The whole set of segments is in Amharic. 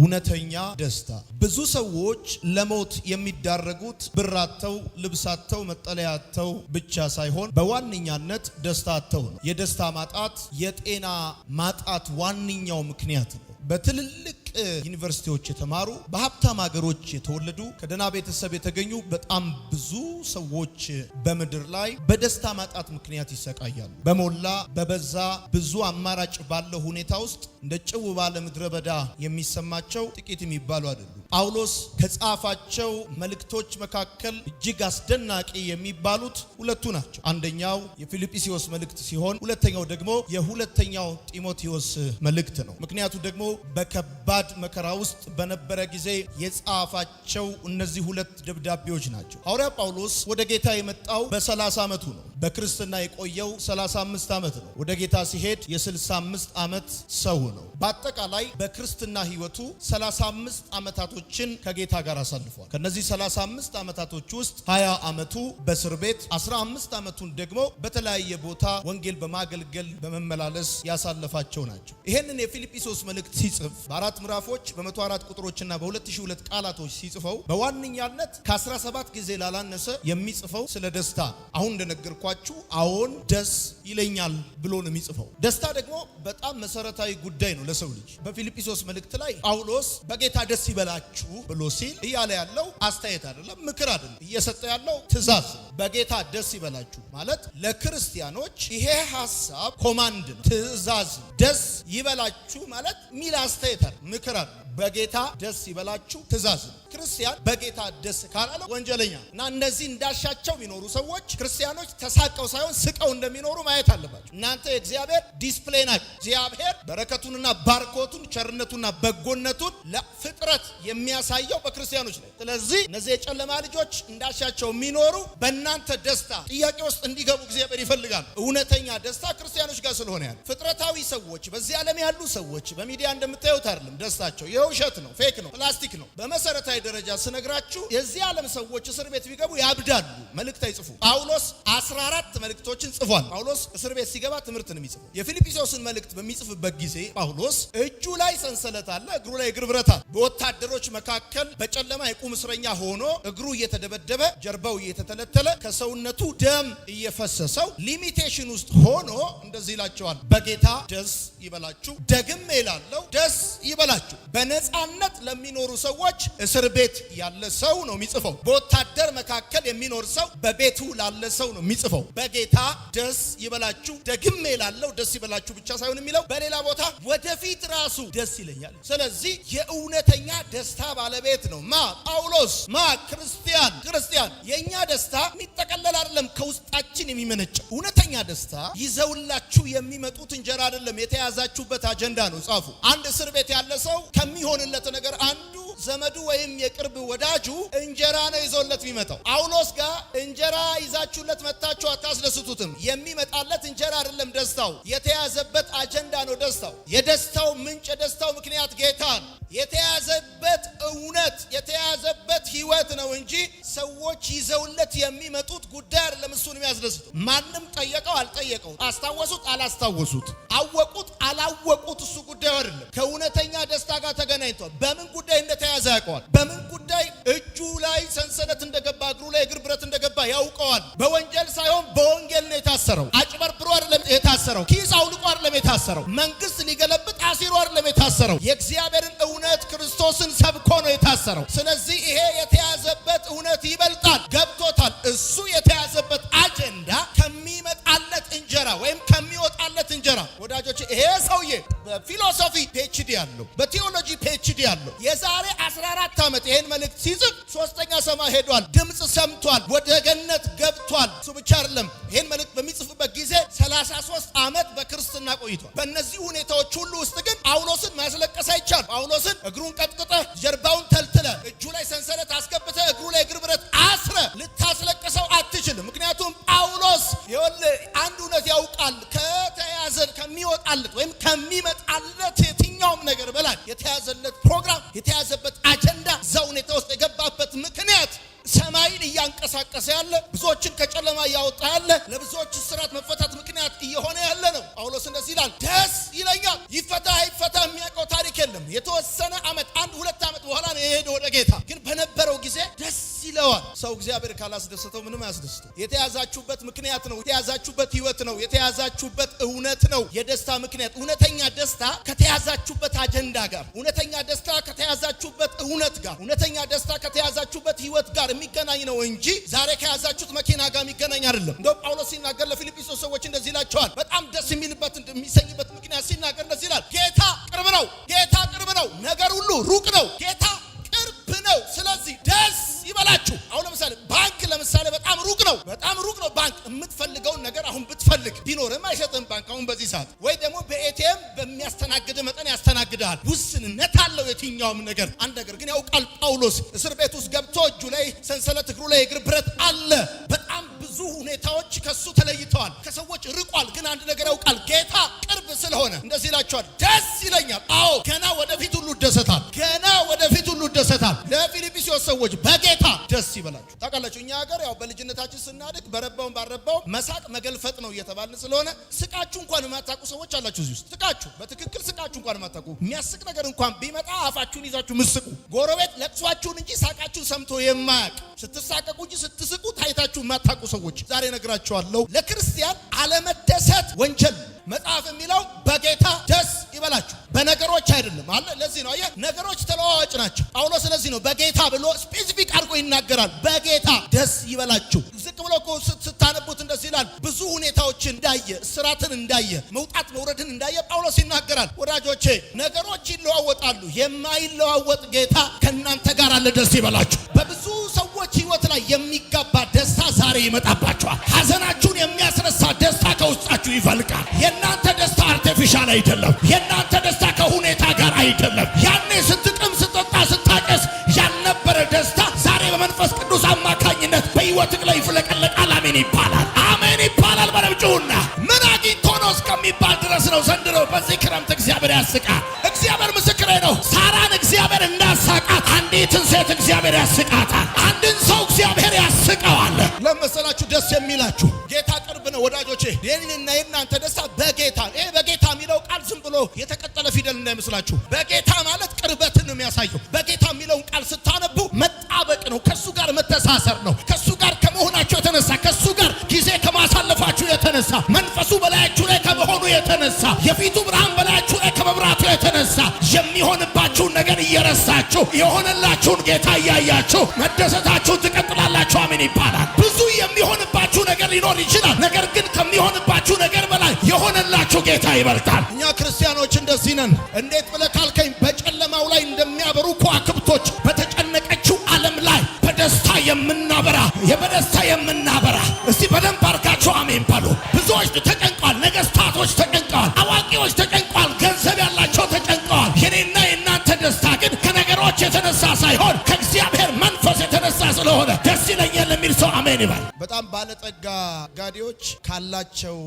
እውነተኛ ደስታ። ብዙ ሰዎች ለሞት የሚዳረጉት ብራተው፣ ልብሳተው፣ መጠለያተው ብቻ ሳይሆን በዋነኛነት ደስታተው ነው። የደስታ ማጣት የጤና ማጣት ዋነኛው ምክንያት ነው። በትልልቅ ዩኒቨርሲቲዎች የተማሩ በሀብታም ሀገሮች የተወለዱ ከደና ቤተሰብ የተገኙ በጣም ብዙ ሰዎች በምድር ላይ በደስታ ማጣት ምክንያት ይሰቃያሉ። በሞላ በበዛ ብዙ አማራጭ ባለው ሁኔታ ውስጥ እንደ ጭው ባለ ምድረ በዳ የሚሰማቸው ጥቂት የሚባሉ አይደሉም። ጳውሎስ ከጻፋቸው መልእክቶች መካከል እጅግ አስደናቂ የሚባሉት ሁለቱ ናቸው። አንደኛው የፊልጵስዩስ መልእክት ሲሆን ሁለተኛው ደግሞ የሁለተኛው ጢሞቴዎስ መልእክት ነው። ምክንያቱ ደግሞ በከባድ መከራ ውስጥ በነበረ ጊዜ የጻፋቸው እነዚህ ሁለት ደብዳቤዎች ናቸው። ሐዋርያ ጳውሎስ ወደ ጌታ የመጣው በሰላሳ ዓመቱ ነው። በክርስትና የቆየው 35 ዓመት ነው። ወደ ጌታ ሲሄድ የ65 ዓመት ሰው ነው። በአጠቃላይ በክርስትና ህይወቱ 35 ዓመታቶችን ከጌታ ጋር አሳልፏል። ከነዚህ 35 ዓመታቶች ውስጥ 20 ዓመቱ በእስር ቤት፣ 15 ዓመቱን ደግሞ በተለያየ ቦታ ወንጌል በማገልገል በመመላለስ ያሳለፋቸው ናቸው። ይህንን የፊልጵሶስ መልእክት ሲጽፍ በአራት ምዕራፎች በ104 ቁጥሮችና በ2002 ቃላቶች ሲጽፈው በዋነኛነት ከ17 ጊዜ ላላነሰ የሚጽፈው ስለ ደስታ አሁን እንደነገርኳ ሲነግሯችሁ አዎን ደስ ይለኛል ብሎ ነው የሚጽፈው። ደስታ ደግሞ በጣም መሰረታዊ ጉዳይ ነው ለሰው ልጅ። በፊልጵሶስ መልእክት ላይ ጳውሎስ በጌታ ደስ ይበላችሁ ብሎ ሲል እያለ ያለው አስተያየት አይደለም፣ ምክር አይደለም፣ እየሰጠ ያለው ትእዛዝ ነው። በጌታ ደስ ይበላችሁ ማለት ለክርስቲያኖች ይሄ ሀሳብ ኮማንድ ነው፣ ትእዛዝ ነው። ደስ ይበላችሁ ማለት ሚል አስተያየት አይደለም፣ ምክር አይደለም። በጌታ ደስ ይበላችሁ ትእዛዝ ነው። ክርስቲያን በጌታ ደስ ካላለ ወንጀለኛ እና እነዚህ እንዳሻቸው የሚኖሩ ሰዎች ክርስቲያኖች ተሳቀው ሳይሆን ስቀው እንደሚኖሩ ማየት አለባቸው። እናንተ የእግዚአብሔር ዲስፕሌይ ናቸው። እግዚአብሔር በረከቱንና ባርኮቱን ቸርነቱና በጎነቱን ለፍጥረት የሚያሳየው በክርስቲያኖች ላይ። ስለዚህ እነዚህ የጨለማ ልጆች እንዳሻቸው የሚኖሩ በእናንተ ደስታ ጥያቄ ውስጥ እንዲገቡ እግዚአብሔር ይፈልጋል። እውነተኛ ደስታ ክርስቲያኖች ጋር ስለሆነ ያለ ፍጥረታዊ ሰዎች፣ በዚህ ዓለም ያሉ ሰዎች በሚዲያ እንደምታዩት አይደለም ደስታቸው የውሸት ነው፣ ፌክ ነው፣ ፕላስቲክ ነው። በመሰረታዊ ደረጃ ስነግራችሁ የዚህ ዓለም ሰዎች እስር ቤት ቢገቡ ያብዳሉ። መልእክት አይጽፉ። ጳውሎስ 14 መልእክቶችን ጽፏል። ጳውሎስ እስር ቤት ሲገባ ትምህርት ነው የሚጽፈው። የፊልጵስዩስን መልእክት በሚጽፍበት ጊዜ ጳውሎስ እጁ ላይ ሰንሰለት አለ፣ እግሩ ላይ እግር ብረት አለ። በወታደሮች መካከል በጨለማ የቁም እስረኛ ሆኖ እግሩ እየተደበደበ ጀርባው እየተተለተለ ከሰውነቱ ደም እየፈሰሰው ሊሚቴሽን ውስጥ ሆኖ እንደዚህ ይላቸዋል፣ በጌታ ደስ ይበላችሁ። ደግም ይላለው ደስ ይበላችሁ። በነፃነት ለሚኖሩ ሰዎች እስር ቤት ያለ ሰው ነው የሚጽፈው። በወታደር መካከል የሚኖር ሰው በቤቱ ላለ ሰው ነው የሚጽፈው። በጌታ ደስ ይበላችሁ፣ ደግሜ ላለው ደስ ይበላችሁ ብቻ ሳይሆን የሚለው በሌላ ቦታ ወደፊት ራሱ ደስ ይለኛል። ስለዚህ የእውነተኛ ደስታ ባለቤት ነው ማ ጳውሎስ ማ ክርስቲያን ክርስቲያን። የእኛ ደስታ የሚጠቀለል አይደለም፣ ከውስጣችን የሚመነጨው እውነተኛ ደስታ ይዘውላችሁ የሚመጡት እንጀራ አይደለም፣ የተያዛችሁበት አጀንዳ ነው። ጻፉ። አንድ እስር ቤት ያለ ሰው ከሚ ከሚሆንለት ነገር አንዱ ዘመዱ ወይም የቅርብ ወዳጁ እንጀራ ነው ይዞለት የሚመጣው። ጳውሎስ ጋር እንጀራ ይዛችሁለት መጥታችሁ አታስደስቱትም። የሚመጣለት እንጀራ አይደለም ደስታው፣ የተያዘበት አጀንዳ ነው ደስታው። የደስታው ምንጭ፣ የደስታው ምክንያት ጌታ ነው። የተያዘበት እውነት፣ የተያዘበት ህይወት ነው እንጂ ሰዎች ይዘውለት የሚመጡት ጉዳይ አይደለም እሱን የሚያስደስቱ። ማንም ጠየቀው አልጠየቀው፣ አስታወሱት አላስታወሱት፣ አወቁ ነው የታሰረው፣ የእግዚአብሔርን እውነት ክርስቶስን ሰብኮ ነው የታሰረው። ስለዚህ ይሄ የተያዘበት እውነት ይበልጣል፣ ገብቶታል። እሱ የተያዘበት አጀንዳ ከሚመጣለት እንጀራ ወይም ከሚወጣለት እንጀራ ወዳጆች፣ ይሄ ሰውዬ በፊሎሶፊ ፒኤችዲ ያለው በቴዎሎጂ ፒኤችዲ ያለው የዛሬ 14 ዓመት ይሄን መልእክት ሲጽፍ ሶስተኛ ሰማይ ሄዷል፣ ድምፅ ሰምቷል፣ ወደ ገነት ገብቷል። እሱ ብቻ አይደለም፣ ይሄን መልእክት በሚጽፍበት ጊዜ 33 ዓመት በክርስትና ቆይቷል። በእነዚህ ሁኔታዎች ሁሉ ውስጥ ግን ጳውሎስን ማስለቀስ አይቻል። ጳውሎስን እግሩን ቀጥቅጠህ ጀርባውን ይፈታ አይፈታ የሚያውቀው ታሪክ የለም። የተወሰነ ዓመት አንድ ሁለት ዓመት በኋላ ነው የሄደ ወደ ጌታ። ግን በነበረው ጊዜ ደስ ይለዋል። ሰው እግዚአብሔር ካላስደሰተው ምንም አያስደስተው። የተያዛችሁበት ምክንያት ነው። የተያዛችሁበት ህይወት ነው። የተያዛችሁበት እውነት ነው የደስታ ምክንያት። እውነተኛ ደስታ ከተያዛችሁበት አጀንዳ ጋር፣ እውነተኛ ደስታ ከተያዛችሁበት እውነት ጋር፣ እውነተኛ ደስታ ከተያዛችሁበት ህይወት ጋር የሚገናኝ ነው እንጂ ዛሬ ከያዛችሁት መኪና ጋር የሚገናኝ አይደለም። እንደው ጳውሎስ ሲናገር ለፊልጵስዩስ ሰዎች እንደዚህ ይላቸዋል። በጣም ደስ የሚልበት የሚሰኝበት ምክንያት ሲናገር እንደዚህ ይላቸዋል፣ ደስ ይለኛል። አዎ ገና ወደፊት ሁሉ ደሰታል። ገና ወደፊት ሁሉ ደሰታል። ለፊልጵስዩስ ሰዎች በጌታ ደስ ይበላችሁ። ታውቃላችሁ፣ እኛ ሀገር ያው በልጅነታችን ስናድግ በረባውን ባረባው መሳቅ መገልፈጥ ነው እየተባልን ስለሆነ ስቃችሁ እንኳን የማታውቁ ሰዎች አላችሁ እዚህ ውስጥ ስቃችሁ፣ በትክክል ስቃችሁ እንኳን የማታውቁ የሚያስቅ ነገር እንኳን ቢመጣ አፋችሁን ይዛችሁ ምስቁ። ጎረቤት ለቅሷችሁን እንጂ ሳቃችሁን ሰምቶ የማያውቅ ስትሳቀቁ እንጂ ስትስቁ ታይታችሁ የማታውቁ ሰዎች ዛሬ ነግራችኋለሁ። ለክርስቲያን አለመደሰት ወንጀል መጽሐፍ የሚለው በጌታ አለ። ለዚህ ነው አየህ፣ ነገሮች ተለዋዋጭ ናቸው። ጳውሎስ ለዚህ ነው በጌታ ብሎ ስፔሲፊክ አድርጎ ይናገራል። በጌታ ደስ ይበላችሁ። ዝቅ ብሎ እኮ ስታነቡት እንደዚህ ይላል። ብዙ ሁኔታዎች እንዳየ፣ እስራትን እንዳየ፣ መውጣት መውረድን እንዳየ ጳውሎስ ይናገራል። ወዳጆቼ ነገሮች ይለዋወጣሉ። የማይለዋወጥ ጌታ ከእናንተ ጋር አለ። ደስ ይበላችሁ። በብዙ ሰዎች ህይወት ላይ የሚጋባ ደስታ ዛሬ ይመጣባቸዋል። ሀዘናችሁን የሚያስነሳ ደስታ ከውስጣችሁ ይፈልቃል። የእናንተ ደስታ አርቴፊሻል አይደለም። የእናንተ ደስታ አይደለም። ያኔ ስትቅም፣ ስትጠጣ፣ ስታጨስ ያልነበረ ደስታ ዛሬ በመንፈስ ቅዱስ አማካኝነት በሕይወትህ ላይ ይፍለቀለቃል። አሜን ይባላል። አሜን ይባላል። በረብጭውና ምን አግኝቶ ነው እስከሚባል ድረስ ነው ዘንድሮ በዚህ ክረምት እግዚአብሔር ያስቃል። እግዚአብሔር ምስክሬ ነው። ሳራን እግዚአብሔር እንዳሳቃት አንዲትን ሴት እግዚአብሔር ያስቃታል። አንድን ሰው እግዚአብሔር ያስቀዋል። ለመሰላችሁ ደስ የሚላችሁ ጌታ ቅርብ ነው ወዳጆቼ። የኔና የእናንተ ደስታ በጌታ ይሄ በጌታ የሚለው ቃል ዝም ብሎ የተቀ እንዳይመስላችሁ። በጌታ ማለት ቅርበትን ነው የሚያሳየው። በጌታ የሚለውን ቃል ስታነቡ መጣበቅ ነው፣ ከእሱ ጋር መተሳሰር ነው። ከእሱ ጋር ከመሆናችሁ የተነሳ ከእሱ ጋር ጊዜ ከማሳለፋችሁ የተነሳ መንፈሱ በላያችሁ ላይ ከመሆኑ የተነሳ የፊቱ ብርሃን በላያችሁ ላይ ከመብራቱ የተነሳ የሚሆንባችሁን ነገር እየረሳችሁ የሆነላችሁን ጌታ እያያችሁ መደሰታችሁን ትቀጥላላችሁ። አሜን ይባላል። ብዙ የሚሆንባችሁ ነገር ሊኖር ይችላል። ነገር ግን ከሚሆንባችሁ ነገር የሆነላችሁ ጌታ ይበልጣል። እኛ ክርስቲያኖች እንደዚህ ነን። እንዴት ብለህ ካልከኝ በጨለማው ላይ እንደሚያበሩ ከዋክብቶች በተጨነቀችው ዓለም ላይ በደስታ የምናበራ በደስታ የምናበራ እስቲ በደንብ አርጋችሁ አሜን በሉ። ብዙዎች ተጨንቀዋል። ነገስታቶች ተጨንቀዋል። አዋቂዎች ተጨንቀዋል። ገንዘብ ያላቸው ተጨንቀዋል። የኔና የእናንተ ደስታ ግን ከነገሮች የተነሳ ሳይሆን ከእግዚአብሔር መንፈስ የተነሳ ስለሆነ ደስ ይለኛል የሚል ሰው አሜን ይበል። በጣም ባለጠጋ ጋዴዎች ካላቸው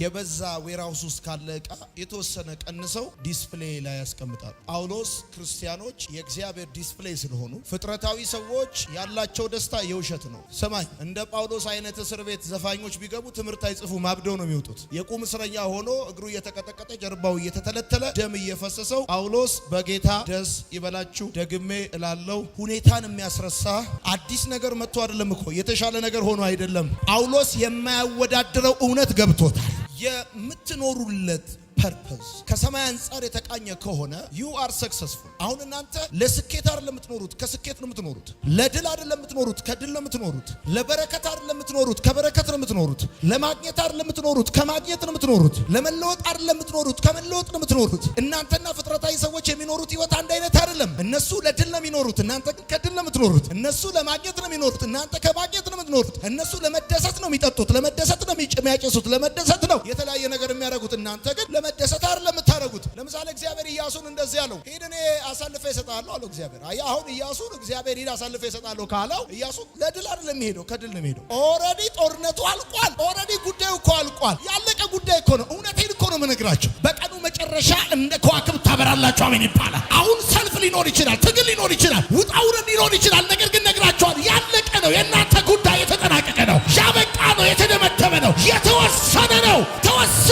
የበዛ ዌራውስ ውስጥ ካለ እቃ የተወሰነ ቀንሰው ዲስፕሌይ ላይ ያስቀምጣሉ። ጳውሎስ ክርስቲያኖች የእግዚአብሔር ዲስፕሌይ ስለሆኑ ፍጥረታዊ ሰዎች ያላቸው ደስታ የውሸት ነው። ስማኝ፣ እንደ ጳውሎስ አይነት እስር ቤት ዘፋኞች ቢገቡ ትምህርት አይጽፉ ማብደው ነው የሚወጡት። የቁም እስረኛ ሆኖ እግሩ እየተቀጠቀጠ ጀርባው እየተተለተለ ደም እየፈሰሰው ጳውሎስ በጌታ ደስ ይበላችሁ ደግሜ እላለው። ሁኔታን የሚያስረሳ አዲስ ነገር መጥቶ አይደለም እኮ የተሻለ ነገር ሆኖ አይደለም አይደለም። ጳውሎስ የማያወዳድረው እውነት ገብቶታል። የምትኖሩለት ፐርፐዝ ከሰማይ አንጻር የተቃኘ ከሆነ ዩ አር ሰክሰስፉል። አሁን እናንተ ለስኬት አይደለም የምትኖሩት፣ ከስኬት ነው የምትኖሩት። ለድል አይደለም የምትኖሩት፣ ከድል ነው የምትኖሩት። ለበረከት አይደለም የምትኖሩት፣ ከበረከት ነው የምትኖሩት። ለማግኘት አይደለም የምትኖሩት፣ ከማግኘት ነው የምትኖሩት። ለመለወጥ አይደለም የምትኖሩት፣ ከመለወጥ ነው የምትኖሩት። እናንተና ፍጥረታዊ ሰዎች የሚኖሩት ህይወት አንድ አይነት አይደለም። እነሱ ለድል ነው የሚኖሩት፣ እናንተ ግን ከድል ነው የምትኖሩት። እነሱ ለማግኘት ነው የሚኖሩት፣ እናንተ ከማግኘት ነው የምትኖሩት። እነሱ ለመደሰት ነው የሚጠጡት፣ ለመደሰት ነው የሚያጨሱት፣ ለመደሰት ነው የተለያየ ነገር የሚያደርጉት። እናንተ ግን ለመደሰት አይደለም የምታደርጉት። ለምሳሌ እግዚአብሔር ኢያሱን እንደዚህ አለው፣ ሂድ እኔ አሳልፈ ይሰጣለሁ አለው እግዚአብሔር። አይ አሁን ኢያሱን እግዚአብሔር ሂድ አሳልፈ ይሰጣለሁ ካለው ኢያሱ ለድል አይደለም የሚሄደው፣ ከድል ነው የሚሄደው። ኦልሬዲ ጦርነቱ አልቋል። ኦልሬዲ ጉዳዩ እኮ አልቋል። ያለቀ ጉዳይ እኮ ነው። እውነቴን እኮ ነው የምነግራቸው። በቀኑ መጨረሻ እንደ ከዋክብት ታበራላችሁ። አሜን ይባላል። አሁን ሰልፍ ሊኖር ይችላል፣ ትግል ሊኖር ይችላል፣ ውጣ ውረድ ሊኖር ይችላል። ነገር ግን ነግራቸዋል፣ ያለቀ ነው። የእናንተ ጉዳይ የተጠናቀቀ ነው። ያበቃ ነው። የተደመደመ ነው። የተወሰነ ነው። ተወሰነ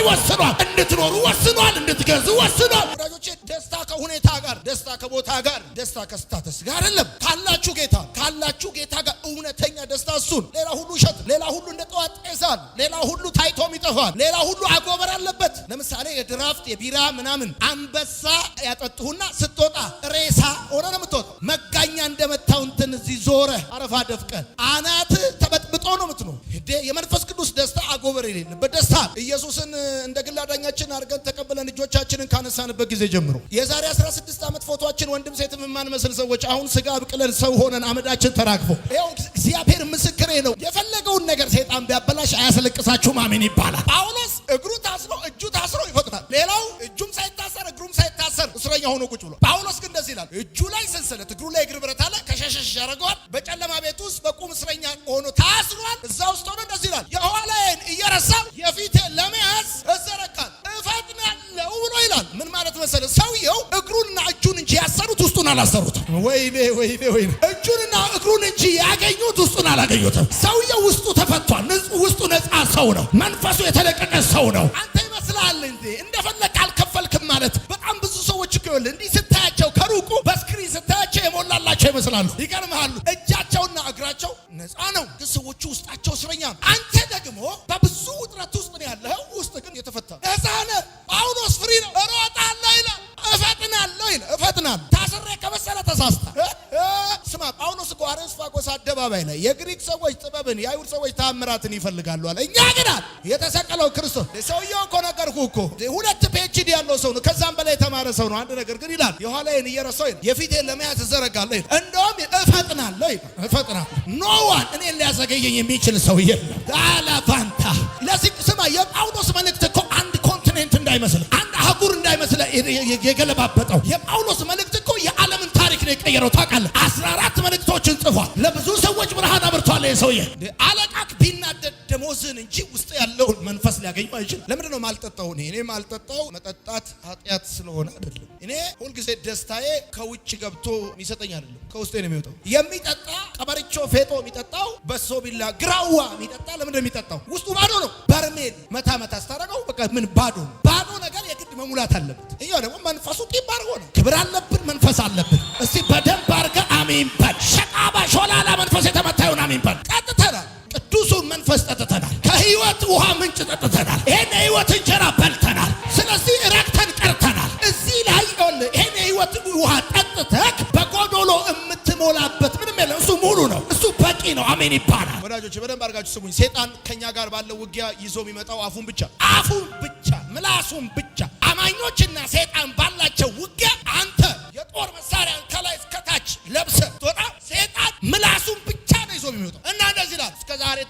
ላይ ወስኗል። እንድትኖሩ ወስኗል። እንድትገዙ ወስኗል። ወዳጆቼ ደስታ ከሁኔታ ጋር፣ ደስታ ከቦታ ጋር፣ ደስታ ከስታተስ ጋር አይደለም። ካላችሁ ጌታ ካላችሁ ጌታ ጋር እውነተኛ ደስታ እሱን። ሌላ ሁሉ እሸት፣ ሌላ ሁሉ እንደ ጠዋት ጤዛል፣ ሌላ ሁሉ ታይቶም ይጠፋል፣ ሌላ ሁሉ አጎበር አለበት። ለምሳሌ የድራፍት የቢራ ምናምን አንበሳ ያጠጡሁና ስትወጣ ሬሳ ሆነ ነው የምትወጣው። መጋኛ እንደመታው እንትን እዚህ ዞረ አረፋ ደፍቀን መታጎበር የሌለ በደስታ ኢየሱስን እንደ ግል አዳኛችን አድርገን ተቀብለን እጆቻችንን ካነሳንበት ጊዜ ጀምሮ የዛሬ 16 ዓመት ፎቶችን ወንድም ሴት የማንመስል ሰዎች አሁን ስጋ አብቅለን ሰው ሆነን አመዳችን ተራግፎ ይኸው እግዚአብሔር ምስክሬ ነው። የፈለገውን ነገር ሴጣን ቢያበላሽ አያስለቅሳችሁም። አሜን ይባላል። ጳውሎስ እግሩ ታስሮ እጁ ታስሮ ይፈጥናል። ሌላው እጁም ሳይታሰር እግሩም ሳይታሰር እስረኛ ሆኖ ቁጭ ብሎ ጳውሎስ ግን እንደዚህ ይላል። እጁ ላይ ሰንሰለት፣ እግሩ ላይ እግር ብረት አለ። ከሸሸሽ ያደረገዋል። በጨለማ ቤት ውስጥ በቁም እስረኛ ሆኖ ታስሯል። እዛ ውስጥ ሆኖ እንደዚህ ይላል የኋላ ስለረሳ የፊቴ ለመያዝ እዘረጋል እፈጥናለሁ ብሎ ይላል። ምን ማለት መሰለ ሰውየው እግሩንና እጁን እንጂ ያሰሩት ውስጡን አላሰሩትም። ወይኔ ወይኔ ወይኔ! እጁንና እግሩን እንጂ ያገኙት ውስጡን አላገኙትም። ሰውየው ውስጡ ተፈቷል። ውስጡ ነፃ ሰው ነው። መንፈሱ የተለቀቀ ሰው ነው። አንተ ይመስልሃል እንዴ እንደፈለግ አልከፈልክም ማለት በጣም ብዙ ሰዎች ይወል እንዲህ ስታያቸው ከሩቁ በስክሪን ስታያቸው የሞላላቸው ይመስላሉ። ይገርምሃሉ እጃቸውና እግራቸው ነፃ ነው፣ ግን ሰዎቹ ውስጣቸው እስረኛ አንተ ደግሞ ያሳስታል። ስማ ጳውሎስ እኮ አረስፋጎስ አደባባይ ላይ የግሪክ ሰዎች ጥበብን፣ የአይሁድ ሰዎች ታምራትን ይፈልጋሉ አለ። እኛ ግን አለ የተሰቀለው ክርስቶስ ሰውየው እኮ ነገርኩ እኮ ሁለት ፒኤችዲ ያለው ሰው ነው፣ ከዛም በላይ የተማረ ሰው ነው። አንድ ነገር ግን ይላል የኋላዬን እየረሳሁ የፊቴን ለመያዝ እዘረጋለሁ ይላል። እንደውም እፈጥናለሁ ይላል። እፈጥናለሁ ኖዋን እኔን ሊያዘገየኝ የሚችል ሰው የለም። ዳላፋንታ ለዚህ ስማ የጳውሎስ መልእክት እኮ አንድ ኮንቲኔንት እንዳይመስል አንድ አህጉር እንዳይመስል የገለባበጠው የጳውሎስ መልእክት ህይወትን የቀየረው ታውቃለህ። አስራ አራት መልእክቶችን ጽፏል። ለብዙ ሰዎች ብርሃን አብርቷል። ይህ ሰውዬ አለቃክ ቢናደድ ደሞዝን እንጂ ውስጥ ያለውን መንፈስ ሊያገኘው አይችልም። ለምንድን ነው ማልጠጣው? እኔ እኔ ማልጠጣው መጠጣት ኃጢአት ስለሆነ አይደለም። እኔ ሁልጊዜ ደስታዬ ከውጭ ገብቶ የሚሰጠኝ አይደለም፣ ከውስጤ ነው የሚወጣው። የሚጠጣ ቀበርቾ ፌጦ የሚጠጣው በሶ ቢላ ግራዋ የሚጠጣ ለምንድን ነው የሚጠጣው? ውስጡ ባዶ ነው። በርሜል መታ መታ ስታደርገው በቃ ምን ባዶ ነው። ባዶ ነገር የግድ መሙላት አለበት። እኛ ደግሞ መንፈሱ ጢባር ሆነ። ክብር አለብን፣ መንፈስ አለብን። ውሃ ምንጭ ጠጥተናል። ይሄን የህይወት እንጀራ በልተናል። ስለዚህ ረክተን ቀርተናል። እዚህ ላይ ይሄን የህይወት ውሃ ጠጥተክ በጎዶሎ የምትሞላበት ምንም የለም። እሱ ሙሉ ነው። እሱ በቂ ነው። አሜን ይባላል። ወዳጆች በደንብ አድርጋችሁ ስሙኝ። ሴጣን ከኛ ጋር ባለው ውጊያ ይዞ የሚመጣው አፉን ብቻ አፉን ብቻ ምላሱን ብቻ አማኞችና ሴጣን ባላቸው ውጊያ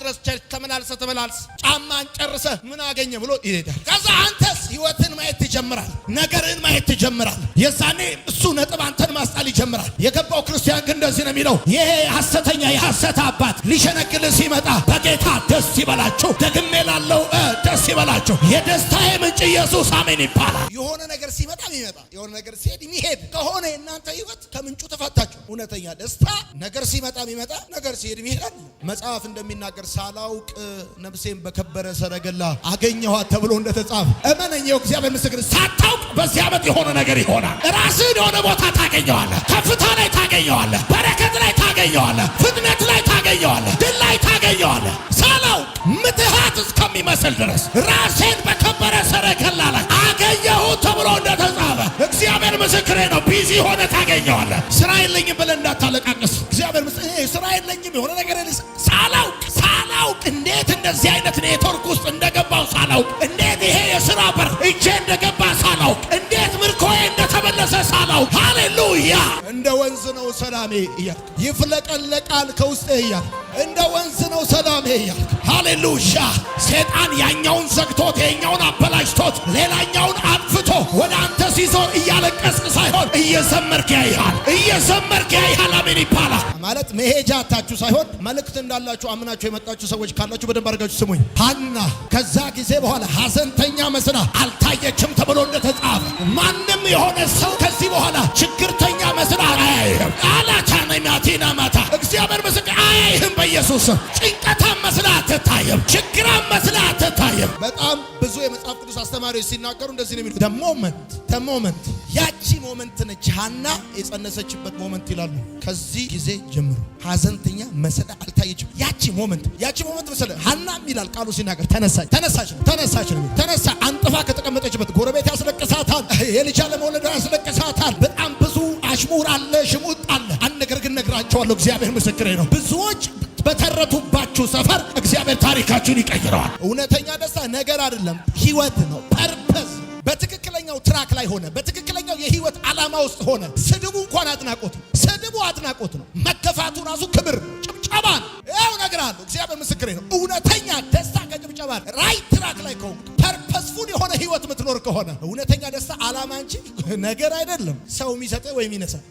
ድረስ ቸርች ተመላልሰ ተመላልሰ ጫማን ጨርሰ ምን አገኘ ብሎ ይሄዳል። ከዛ አንተስ ህይወትን ማየት ይጀምራል። ነገርን ማየት ይጀምራል። የዛኔ እሱ ነጥብ አንተን ማስጣል ይጀምራል። የገባው ክርስቲያን ግን እንደዚህ ነው የሚለው፣ ይሄ ሐሰተኛ የሐሰት አባት ሊሸነግል ሲመጣ በጌታ ደስ ይበላችሁ፣ ደግሜ ላለው ደስ ይበላችሁ። የደስታዬ ምንጭ ኢየሱስ አሜን ይባላል። የሆነ ነገር ሲመጣ ይመጣ፣ የሆነ ነገር ሲሄድ የሚሄድ ከሆነ የእናንተ ህይወት ከምንጩ ተፈታ እውነተኛ ደስታ ነገር ሲመጣ የሚመጣ ነገር ሲሄድ ይሄዳል። መጽሐፍ እንደሚናገር ሳላውቅ ነፍሴን በከበረ ሰረገላ አገኘኋ ተብሎ እንደተጻፈ እመነኝ። እግዚአብሔር ምስክር ሳታውቅ በዚህ ዓመት የሆነ ነገር ይሆናል። ራስህን የሆነ ቦታ ታገኘዋለህ። ከፍታ ላይ ታገኘዋለህ። በረከት ላይ ታገኘዋለህ። ፍጥነት ላይ ታገኘዋለህ። ድል ላይ ታገኘዋለህ። ሳላውቅ ምትሃት እስከሚመስል ድረስ ራሴን ቢዚ ሆነ ታገኘዋለህ። ስራ የለኝም ብለህ እንዳታለቃቀስ። እግዚአብሔር ምስ ስራ የለኝም የሆነ ነገር ሳላውቅ ሳላውቅ እንዴት እንደዚህ አይነት ኔትወርክ ውስጥ እንደገባው ሳላውቅ እንዴት ይሄ የስራ በር እጄ እንደገባ ሳላውቅ እንዴት ምርኮዬ እንደተመለሰ ሳላውቅ። ሃሌሉያ እንደ ወንዝ ነው ሰላሜ እያልክ ይፍለቀለቃል ከውስጤ እያልክ እንደ ወንዝ ነው ሰላሜ እያልክ ሃሌሉሻ። ሰይጣን ያኛውን ዘግቶት የኛውን አበላሽቶት ሌላኛውን አንፍቶ ወደ አንተ ሲዞር እያለቀስክ ሳይሆን እየዘመርክ ያይሃል፣ እየዘመርክ ያይሃል። አሜን ይባላል። ማለት መሄጃ አታችሁ ሳይሆን መልእክት እንዳላችሁ አምናችሁ የመጣችሁ ሰዎች ካላችሁ በደንብ አድርጋችሁ ስሙኝ። ሐና ከዛ ጊዜ በኋላ ሀዘንተኛ መስላ አልታየችም ተብሎ እንደተጻፈ ማንም የሆነ ሰው ከዚህ በኋላ ችግርተኛ መስላ አያይም ናቲና ማታ እግዚአብሔር ምስክር አያይህም። በኢየሱስ ጭንቀታም መስላ አትታየም። ችግራም መስላ አትታየም። በጣም ብዙ የመጽሐፍ ቅዱስ አስተማሪዎች ሲናገሩ እንደዚህ ነው የሚሉት ሞመንት ተሞመንት ያቺ ሞመንት ነች ሐና የጸነሰችበት ሞመንት ይላሉ። ከዚህ ጊዜ ጀምሮ ሐዘንተኛ መስላ አልታየችም። ያቺ ሞመንት ያቺ ሞመንት መስለ ሐናም ይላል ቃሉ ሲናገር ተነሳች ተነሳች ተነሳች ተነሳ አንጥፋ ከተቀመጠችበት ጎረቤት ያስለቅሳታል። የልጅ አለመውለድ ያስለቅሳታል። በጣም ብዙ አሽሙር አለ፣ ሽሙጥ አለ። አንድ ነገር ግን ነግራቸዋለሁ፣ እግዚአብሔር ምስክሬ ነው። ብዙዎች በተረቱባችሁ ሰፈር እግዚአብሔር ታሪካችሁን ይቀይረዋል። እውነተኛ ደስታ ነገር አይደለም፣ ህይወት ነው። ፐርፐዝ በትክክለኛው ትራክ ላይ ሆነ፣ በትክክለኛው የህይወት ዓላማ ውስጥ ሆነ። ስድቡ እንኳን አድናቆት ነው። ስድቡ አድናቆት ነው። መከፋቱ ራሱ ክብር፣ ጭብጨባ ነው። ያው ነገር አለ። እግዚአብሔር ምስክሬ ነው። እውነተኛ ደስታ ከጭብጨባ ራይት ትራክ ላይ ከሆንክ የሆነ ህይወት የምትኖር ከሆነ እውነተኛ ደስታ አላማ እንጂ ነገር አይደለም። ሰው የሚሰጠ ወይም ይነሳ